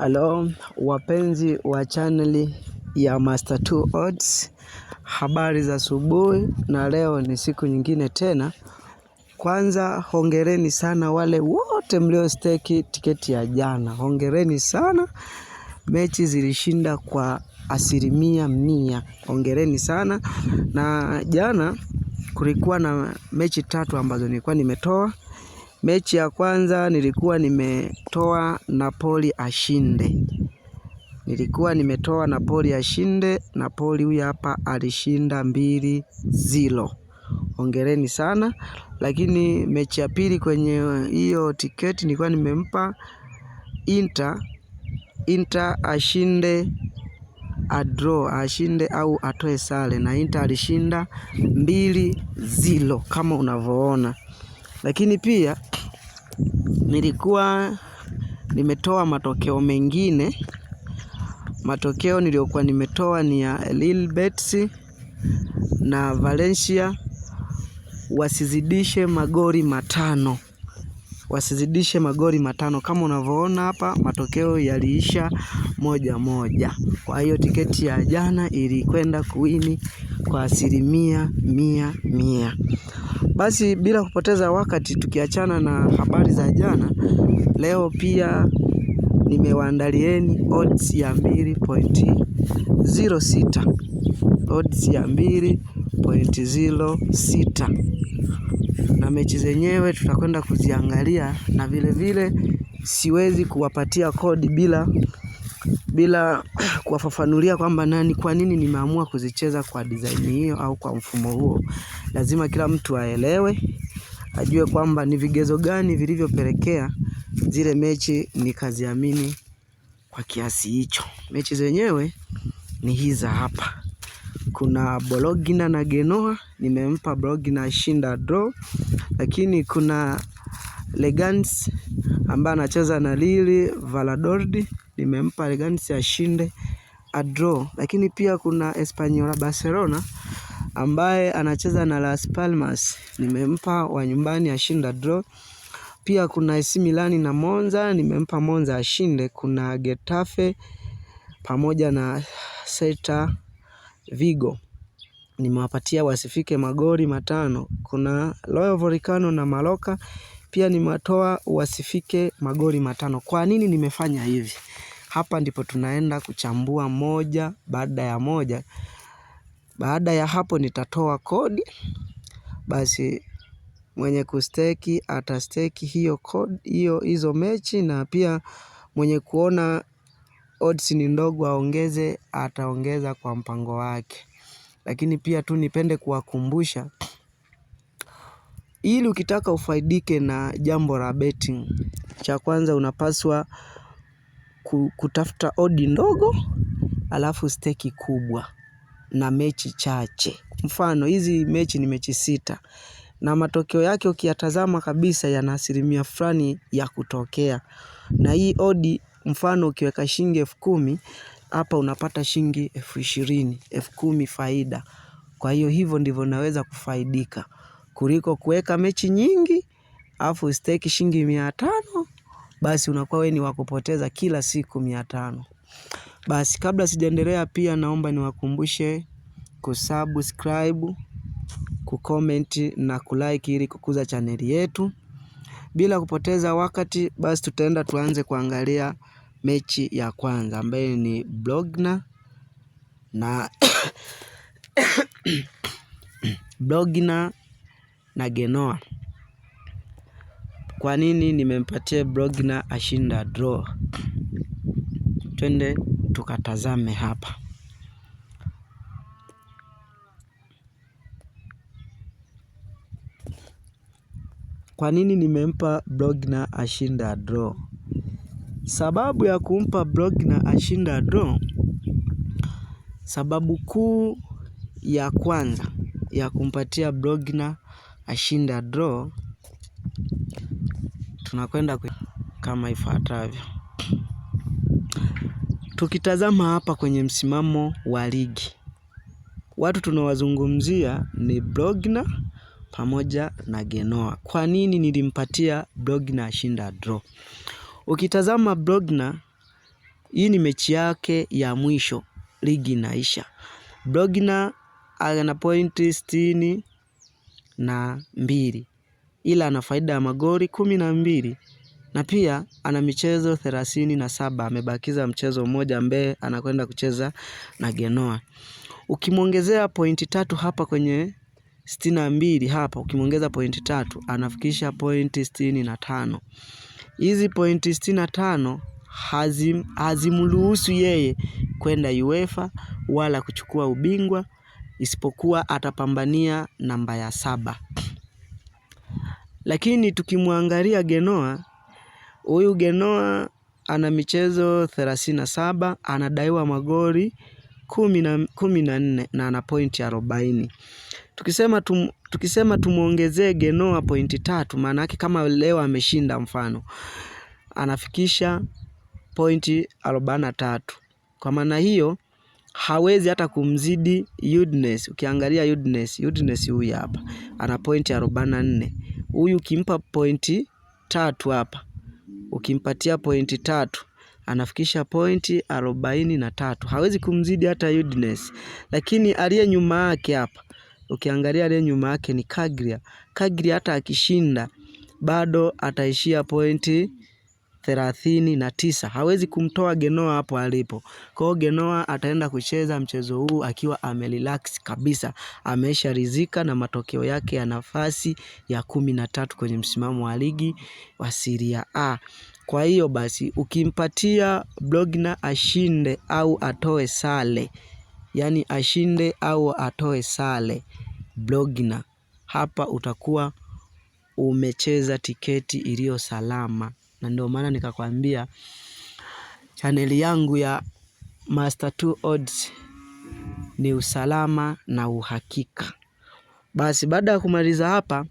Halo, wapenzi wa chaneli ya Master2 Odds, habari za asubuhi, na leo ni siku nyingine tena. Kwanza hongereni sana wale wote mliosteki tiketi ya jana, hongereni sana. Mechi zilishinda kwa asilimia mia, hongereni sana. Na jana kulikuwa na mechi tatu ambazo nilikuwa nimetoa Mechi ya kwanza nilikuwa nimetoa Napoli ashinde, nilikuwa nimetoa Napoli ashinde. Napoli huyu hapa alishinda mbili zilo, ongereni sana. Lakini mechi ya pili kwenye hiyo tiketi nilikuwa nimempa Inter, Inter ashinde draw, ashinde au atoe sare, na Inter alishinda mbili zilo kama unavyoona. Lakini pia nilikuwa nimetoa matokeo mengine. Matokeo niliyokuwa nimetoa ni ya Lil Bets na Valencia wasizidishe magori matano, wasizidishe magori matano. Kama unavyoona hapa, matokeo yaliisha moja moja. Kwa hiyo tiketi ya jana ilikwenda kuwini kwa asilimia mia mia. Basi bila kupoteza wakati tukiachana na habari za jana, leo pia nimewaandalieni odds ya 206 Odds ya 206 na mechi zenyewe tutakwenda kuziangalia na vile vile, siwezi kuwapatia kodi bila bila kuwafafanulia kwamba nani kwa nini nimeamua kuzicheza kwa design hiyo au kwa mfumo huo. Lazima kila mtu aelewe, ajue kwamba ni vigezo gani vilivyopelekea zile mechi nikaziamini kwa kiasi hicho. Mechi zenyewe ni hizi hapa. Kuna Bologna na Genoa, nimempa Bologna ashinda draw, lakini kuna Legans ambaye anacheza na Lille Valladolid limempa Leganes ashinde a draw. Lakini pia kuna Espanyola Barcelona ambaye anacheza na Las Palmas, nimempa wa nyumbani ashinde a draw. Pia kuna AC Milan na Monza, nimempa Monza ashinde. Kuna Getafe pamoja na Celta Vigo nimewapatia wasifike magoli matano. Kuna Rayo Vallecano na Mallorca pia nimewatoa wasifike magoli matano. Kwa nini nimefanya hivi? Hapa ndipo tunaenda kuchambua moja baada ya moja. Baada ya hapo nitatoa kodi, basi mwenye kusteki atasteki hiyo kodi, hiyo hizo mechi, na pia mwenye kuona odds ni ndogo aongeze, ataongeza kwa mpango wake. Lakini pia tu nipende kuwakumbusha ili ukitaka ufaidike na jambo la betting, cha kwanza unapaswa kutafuta odi ndogo alafu steki kubwa na mechi chache. Mfano, hizi mechi ni mechi sita. Na matokeo yake ukiyatazama kabisa yana asilimia fulani ya kutokea. Na hii odi mfano ukiweka shilingi elfu kumi, hapa unapata shilingi elfu ishirini, elfu kumi faida. Kwa hiyo hivyo ndivyo naweza kufaidika. Kuliko kuweka mechi nyingi, alafu steki shilingi mia tano, basi unakuwa wewe ni wakupoteza kila siku mia tano. Basi kabla sijaendelea pia naomba niwakumbushe kusubscribe, kucomment na kulike ili kukuza chaneli yetu. Bila kupoteza wakati, basi tutaenda tuanze kuangalia mechi ya kwanza ambayo ni Blogna na Blogna na Genoa. Kwa nini nimempatia Brogna ashinda draw? Twende tukatazame hapa. Kwa nini nimempa Brogna ashinda draw? Sababu ya kumpa Brogna ashinda draw, sababu kuu ya kwanza ya kumpatia Brogna ashinda draw tunakwenda kama ifuatavyo. Tukitazama hapa kwenye msimamo wa ligi, watu tunawazungumzia ni Brogna pamoja na Genoa. Kwa nini nilimpatia Brogna ashinda draw? Ukitazama Brogna, hii ni mechi yake ya mwisho, ligi inaisha. Brogna ana pointi sitini na mbili ila ana faida ya magori kumi na mbili na pia ana michezo thelathini na saba. Amebakiza mchezo mmoja ambaye anakwenda kucheza na Genoa. Ukimwongezea pointi tatu hapa kwenye sitini na mbili hapa, ukimwongeza pointi tatu anafikisha pointi sitini na tano. Hizi pointi sitini na tano hazim, hazimruhusu yeye kwenda UEFA wala kuchukua ubingwa isipokuwa atapambania namba ya saba. Lakini tukimwangalia Genoa, huyu Genoa ana michezo 37, anadaiwa magoli kumi na nne na ana pointi 40. Tukisema tum, tukisema tumwongezee Genoa pointi tatu, maana yake kama leo ameshinda mfano, anafikisha pointi 43. Kwa maana hiyo hawezi hata kumzidi Udinese. Ukiangalia Udinese, Udinese huyu hapa ana pointi 44. Huyu ukimpa pointi tatu hapa, ukimpatia pointi tatu anafikisha pointi arobaini na tatu. Hawezi kumzidi hata Udinese, lakini aliye nyuma yake hapa ukiangalia aliye nyuma yake ni Kagria. Kagria hata akishinda bado ataishia pointi thelathini na tisa. Hawezi kumtoa Genoa hapo alipo. Kwa hiyo Genoa ataenda kucheza mchezo huu akiwa amerelax kabisa, rizika na matokeo yake ya nafasi ya kumi na tatu kwenye msimamo wa ligi wa Serie A. Kwa hiyo basi ukimpatia Blogna ashinde au atoe sale yaani ashinde au atoe sale Blogna, hapa utakuwa umecheza tiketi iliyo salama na ndio maana nikakwambia chaneli yangu ya Master2 Odds ni usalama na uhakika. Basi baada ya kumaliza hapa,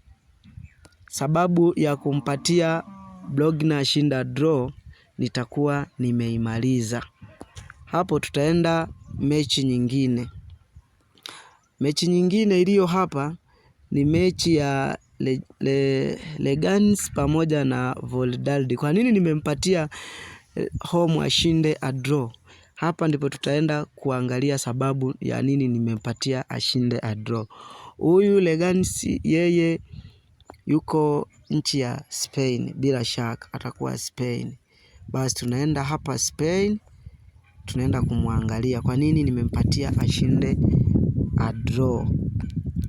sababu ya kumpatia blog na shinda draw nitakuwa nimeimaliza hapo. Tutaenda mechi nyingine. Mechi nyingine iliyo hapa ni mechi ya Legans pamoja na Voldaldi. Kwa nini nimempatia eh, home ashinde a draw? Hapa ndipo tutaenda kuangalia sababu ya nini nimempatia ashinde a draw. Huyu Legans yeye yuko nchi ya Spain, bila shaka atakuwa Spain. Basi tunaenda hapa Spain, tunaenda kumwangalia kwa nini nimempatia ashinde a draw.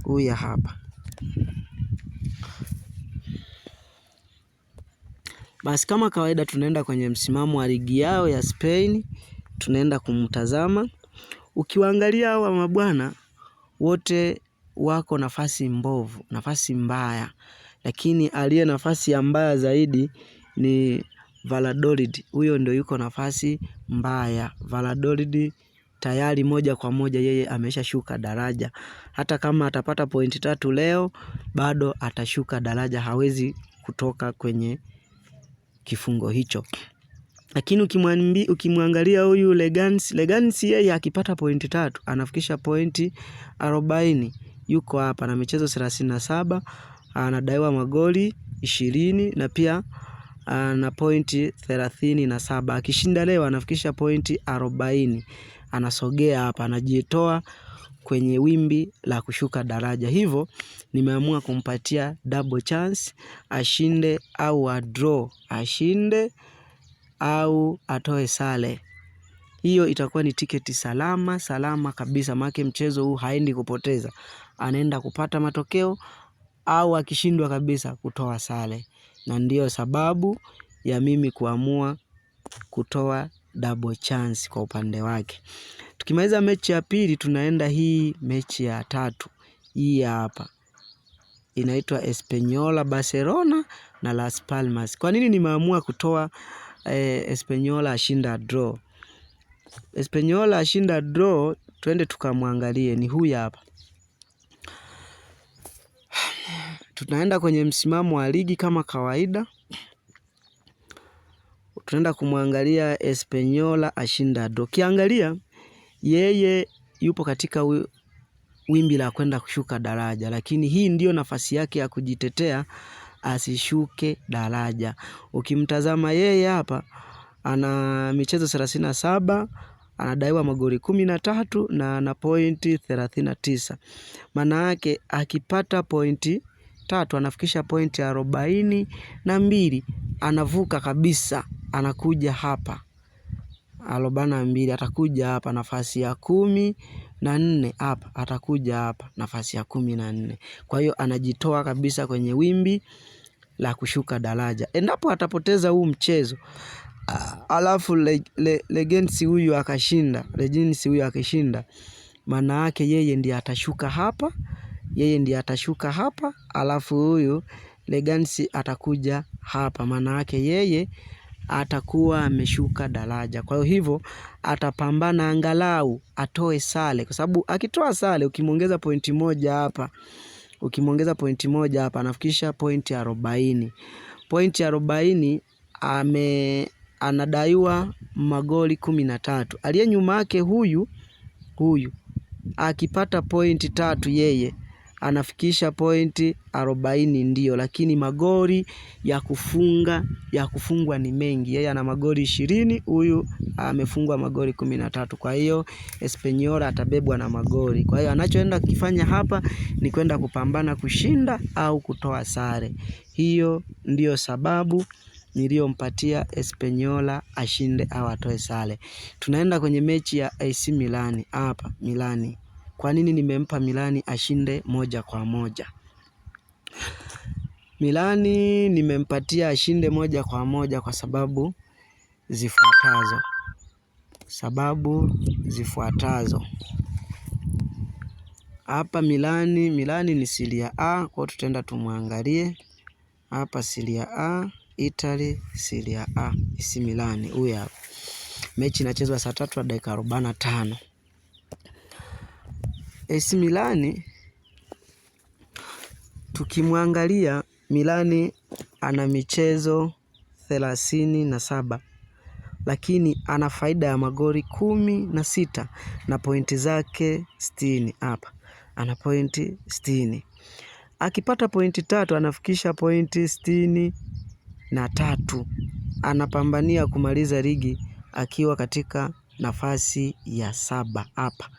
Huyu hapa Basi kama kawaida tunaenda kwenye msimamo wa ligi yao ya Spain, tunaenda kumtazama. Ukiwaangalia hawa mabwana wote wako nafasi mbovu, nafasi mbaya, lakini aliye nafasi ya mbaya zaidi ni Valladolid. Huyo ndio yuko nafasi mbaya. Valladolid tayari moja kwa moja yeye ameshashuka daraja. Hata kama atapata pointi tatu leo, bado atashuka daraja, hawezi kutoka kwenye kifungo hicho. Lakini ukimwangalia huyu Legans, Legans yeye akipata pointi tatu anafikisha pointi arobaini, yuko hapa na michezo thelathini na saba, anadaiwa magoli ishirini na pia ah, ana pointi thelathini na saba. Akishinda leo anafikisha pointi arobaini, anasogea hapa, anajitoa kwenye wimbi la kushuka daraja. Hivo nimeamua kumpatia double chance ashinde au draw, ashinde au atoe sale Hiyo itakuwa ni tiketi salama salama kabisa, make mchezo huu haendi kupoteza, anaenda kupata matokeo au akishindwa kabisa kutoa sale na ndiyo sababu ya mimi kuamua kutoa double chance kwa upande wake. Tukimaliza mechi ya pili tunaenda hii mechi ya tatu. Hii hapa. Inaitwa Espanyola Barcelona na Las Palmas. Kwa nini nimeamua kutoa eh, Espanyola ashinda draw? Espanyola ashinda draw, twende tukamwangalie ni huyu hapa. Tunaenda kwenye msimamo wa ligi kama kawaida tunaenda kumwangalia Espenyola ashindado. Ukiangalia yeye yupo katika wimbi la kwenda kushuka daraja, lakini hii ndiyo nafasi yake ya kujitetea asishuke daraja. Ukimtazama yeye hapa, ana michezo thelathini na saba anadaiwa magoli kumi na tatu na ana pointi thelathini na tisa. Maana yake akipata pointi tatu anafikisha pointi arobaini na mbili anavuka kabisa, anakuja hapa arobaini na mbili atakuja hapa nafasi ya kumi na nne hapa atakuja hapa nafasi ya kumi na nne. Kwa hiyo anajitoa kabisa kwenye wimbi la kushuka daraja. Endapo atapoteza huu mchezo uh, alafu le, le, legensi huyu akashinda, legensi huyu akishinda, maana yake yeye ndiye atashuka hapa yeye ndiye atashuka hapa, alafu huyu Legansi atakuja hapa, maana yake yeye atakuwa ameshuka daraja. Kwa hivyo atapambana angalau atoe sale kwa sababu akitoa sale ukimwongeza pointi moja hapa, ukimwongeza pointi moja hapa, anafikisha pointi arobaini. Pointi arobaini ame anadaiwa magoli kumi na tatu. Aliye nyuma yake huyu huyu akipata pointi tatu, yeye anafikisha pointi arobaini ndio, lakini magori ya kufunga ya kufungwa ni mengi. Yeye ana magori ishirini, huyu amefungwa magori kumi na tatu. Kwa hiyo Espanyol atabebwa na magori. Kwa hiyo anachoenda kufanya hapa ni kwenda kupambana kushinda au kutoa sare. Hiyo ndiyo sababu niliyompatia Espanyola ashinde au atoe sare. Tunaenda kwenye mechi ya AC Milani hapa Milani. Kwa nini nimempa Milani ashinde moja kwa moja? Milani nimempatia ashinde moja kwa moja kwa sababu zifuatazo. Sababu zifuatazo. Hapa Milani, Milani ni silia A, kwa tutaenda tumwangalie. Hapa silia A, Italy silia A, isi Milani. Huyu hapa. Mechi inachezwa saa tatu na dakika arobaini na tano. AC eh, Milani, tukimwangalia Milani ana michezo thelathini na saba lakini ana faida ya magori kumi na sita na pointi zake sitini. Hapa ana pointi sitini, akipata pointi tatu anafikisha pointi sitini na tatu. Anapambania kumaliza ligi akiwa katika nafasi ya saba hapa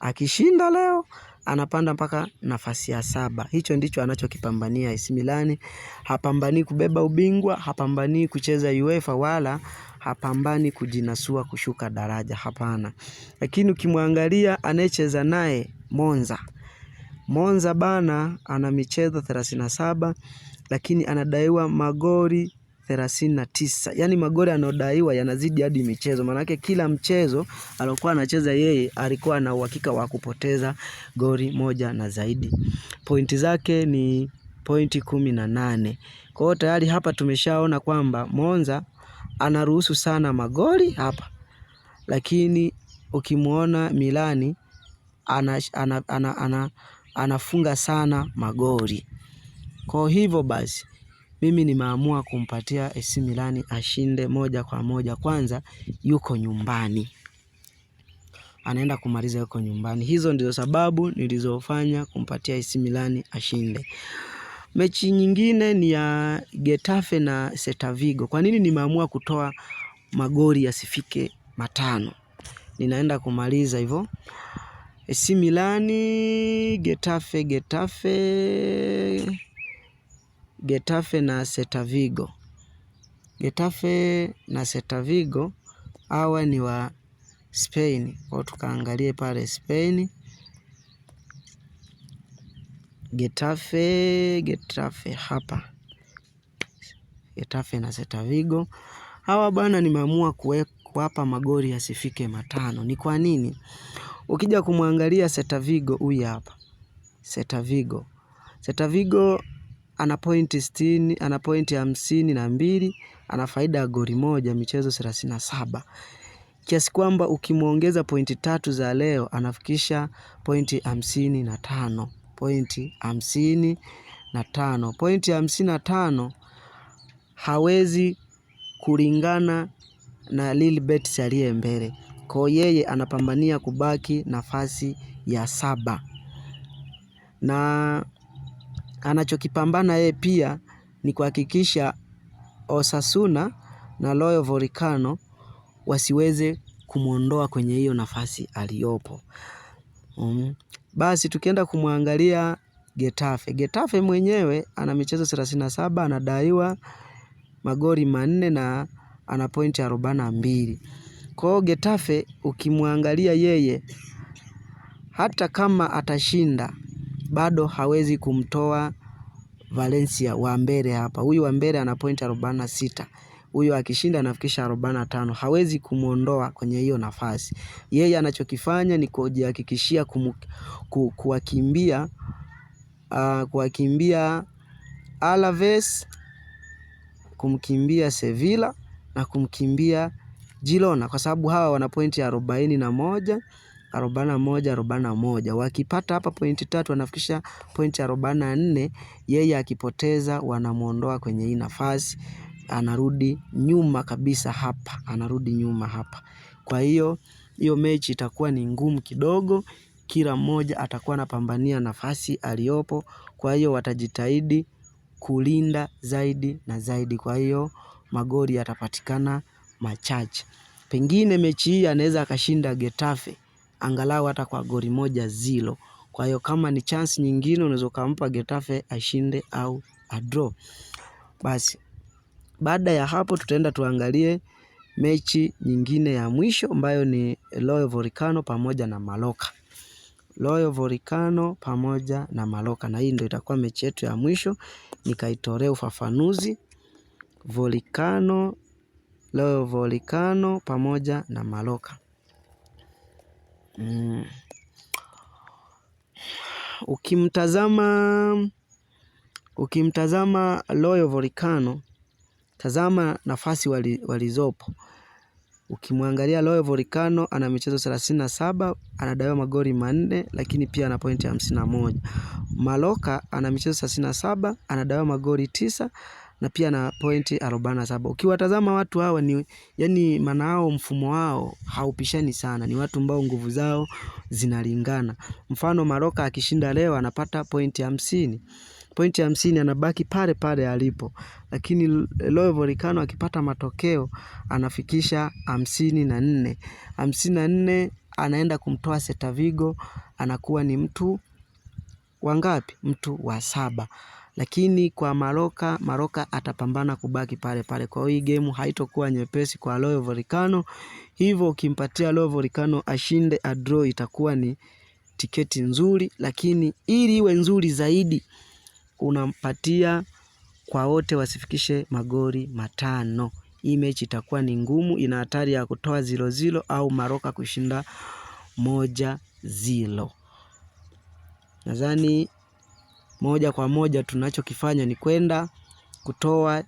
Akishinda leo anapanda mpaka nafasi ya saba. Hicho ndicho anachokipambania AC Milan. Hapambanii kubeba ubingwa, hapambanii kucheza UEFA wala hapambani kujinasua kushuka daraja, hapana. Lakini ukimwangalia anayecheza naye Monza, Monza bana ana michezo 37 lakini anadaiwa magori thelathini na tisa. Yaani magoli anayodaiwa yanazidi hadi michezo, maanake kila mchezo aliokuwa anacheza yeye alikuwa na uhakika wa kupoteza goli moja na zaidi. Pointi zake ni pointi kumi na nane. Kwa hiyo tayari hapa tumeshaona kwamba Monza anaruhusu sana magoli hapa, lakini ukimwona Milani ana, ana, ana, ana, anafunga sana magoli. Kwa hivyo basi mimi nimeamua kumpatia AC Milan ashinde moja kwa moja. Kwanza yuko nyumbani, anaenda kumaliza yuko nyumbani. Hizo ndizo sababu nilizofanya kumpatia AC Milan ashinde. Mechi nyingine ni ya Getafe na Celta Vigo. Kwa nini nimeamua kutoa magoli yasifike matano? Ninaenda kumaliza hivyo AC Milan, Getafe, Getafe Getafe na Celta Vigo. Getafe na Celta Vigo hawa ni wa Spain, Kwa tukaangalie pale Spain. Getafe, Getafe hapa Getafe na Celta Vigo hawa bwana, nimeamua kuwapa magoli yasifike matano. Ni kwa nini? Ukija kumwangalia Celta Vigo, huyu hapa Celta Vigo. Celta Vigo ana pointi sitini, ana pointi hamsini na mbili, ana faida ya goli moja michezo thelathini na saba kiasi kwamba ukimwongeza pointi tatu za leo anafikisha pointi hamsini na tano pointi hamsini na tano pointi hamsini na tano hawezi kulingana na Lil Bets aliye mbele ko yeye anapambania kubaki nafasi ya saba na Anachokipambana yeye pia ni kuhakikisha Osasuna na loyo Volcano wasiweze kumwondoa kwenye hiyo nafasi aliyopo. Mm. Basi tukienda kumwangalia Getafe. Getafe mwenyewe ana michezo 37, anadaiwa magoli manne na ana pointi 42. Kwa hiyo Getafe ukimwangalia yeye hata kama atashinda bado hawezi kumtoa Valencia wa mbele hapa. Huyu wa mbele ana point 46. Huyu akishinda anafikisha 45. Hawezi kumwondoa kwenye hiyo nafasi. Yeye anachokifanya ni kujihakikishia kuwakimbia uh, kuwakimbia Alaves, kumkimbia Sevilla na kumkimbia Girona kwa sababu hawa wana pointi arobaini na moja arobaini na moja arobaini na moja. Wakipata hapa pointi tatu wanafikisha pointi arobaini na nne. Yeye akipoteza wanamwondoa kwenye hii nafasi, anarudi nyuma kabisa hapa, anarudi nyuma hapa. Kwa hiyo hiyo mechi itakuwa ni ngumu kidogo, kila mmoja atakuwa anapambania nafasi aliyopo. Kwa hiyo watajitahidi kulinda zaidi na zaidi, kwa hiyo magoli yatapatikana machache. Pengine mechi hii anaweza akashinda Getafe angalau hata kwa goli moja zilo. Kwa hiyo kama ni chance nyingine unaweza ukampa Getafe ashinde au a draw. Basi baada ya hapo tutaenda tuangalie mechi nyingine ya mwisho ambayo ni Loyo Volcano pamoja na Maloka. Loyo Volcano pamoja na Maloka, na hii ndio itakuwa mechi yetu ya mwisho. Nikaitolea ufafanuzi Volcano, Loyo Volcano pamoja na Maloka. Mm. Ukimtazama ukimtazama Loyo Volcano, tazama nafasi wali, walizopo. Ukimwangalia Loyo Volcano ana michezo 37, anadaiwa magoli manne, lakini pia ana pointi 51. Maloka ana michezo 37, anadaiwa magoli tisa na pia na pointi 47. Ukiwatazama watu hawa ni yani, maana yao mfumo wao haupishani sana, ni watu ambao nguvu zao zinalingana. Mfano Maroka akishinda leo anapata pointi hamsini pointi hamsini anabaki pale pale alipo, lakini Loe Volikano akipata matokeo anafikisha hamsini na nne hamsini na nne anaenda kumtoa Setavigo, anakuwa ni mtu wangapi? Mtu wa saba lakini kwa Maroka, Maroka atapambana kubaki pale pale. Kwa hiyo hii game haitokuwa nyepesi kwa Loyo Volcano, hivyo ukimpatia Loyo Volcano ashinde draw itakuwa ni tiketi nzuri, lakini ili iwe nzuri zaidi unampatia kwa wote wasifikishe magoli matano. Hii mechi itakuwa ni ngumu, ina hatari ya kutoa zilo zilo au Maroka kushinda moja zilo. Nadhani moja kwa moja tunachokifanya ni kwenda kutoa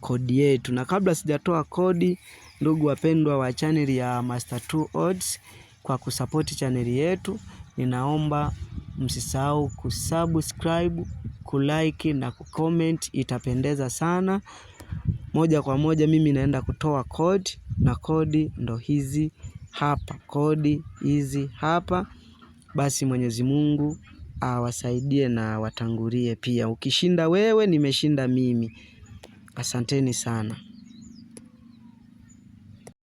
kodi yetu, na kabla sijatoa kodi, ndugu wapendwa wa chaneli ya Master2 Odds, kwa kusapoti chaneli yetu, ninaomba msisahau kusubscribe, kulike na kucomment, itapendeza sana. Moja kwa moja mimi naenda kutoa kodi, na kodi ndo hizi hapa, kodi hizi hapa. Basi Mwenyezi Mungu awasaidie na watangulie pia. Ukishinda wewe, nimeshinda mimi. Asanteni sana.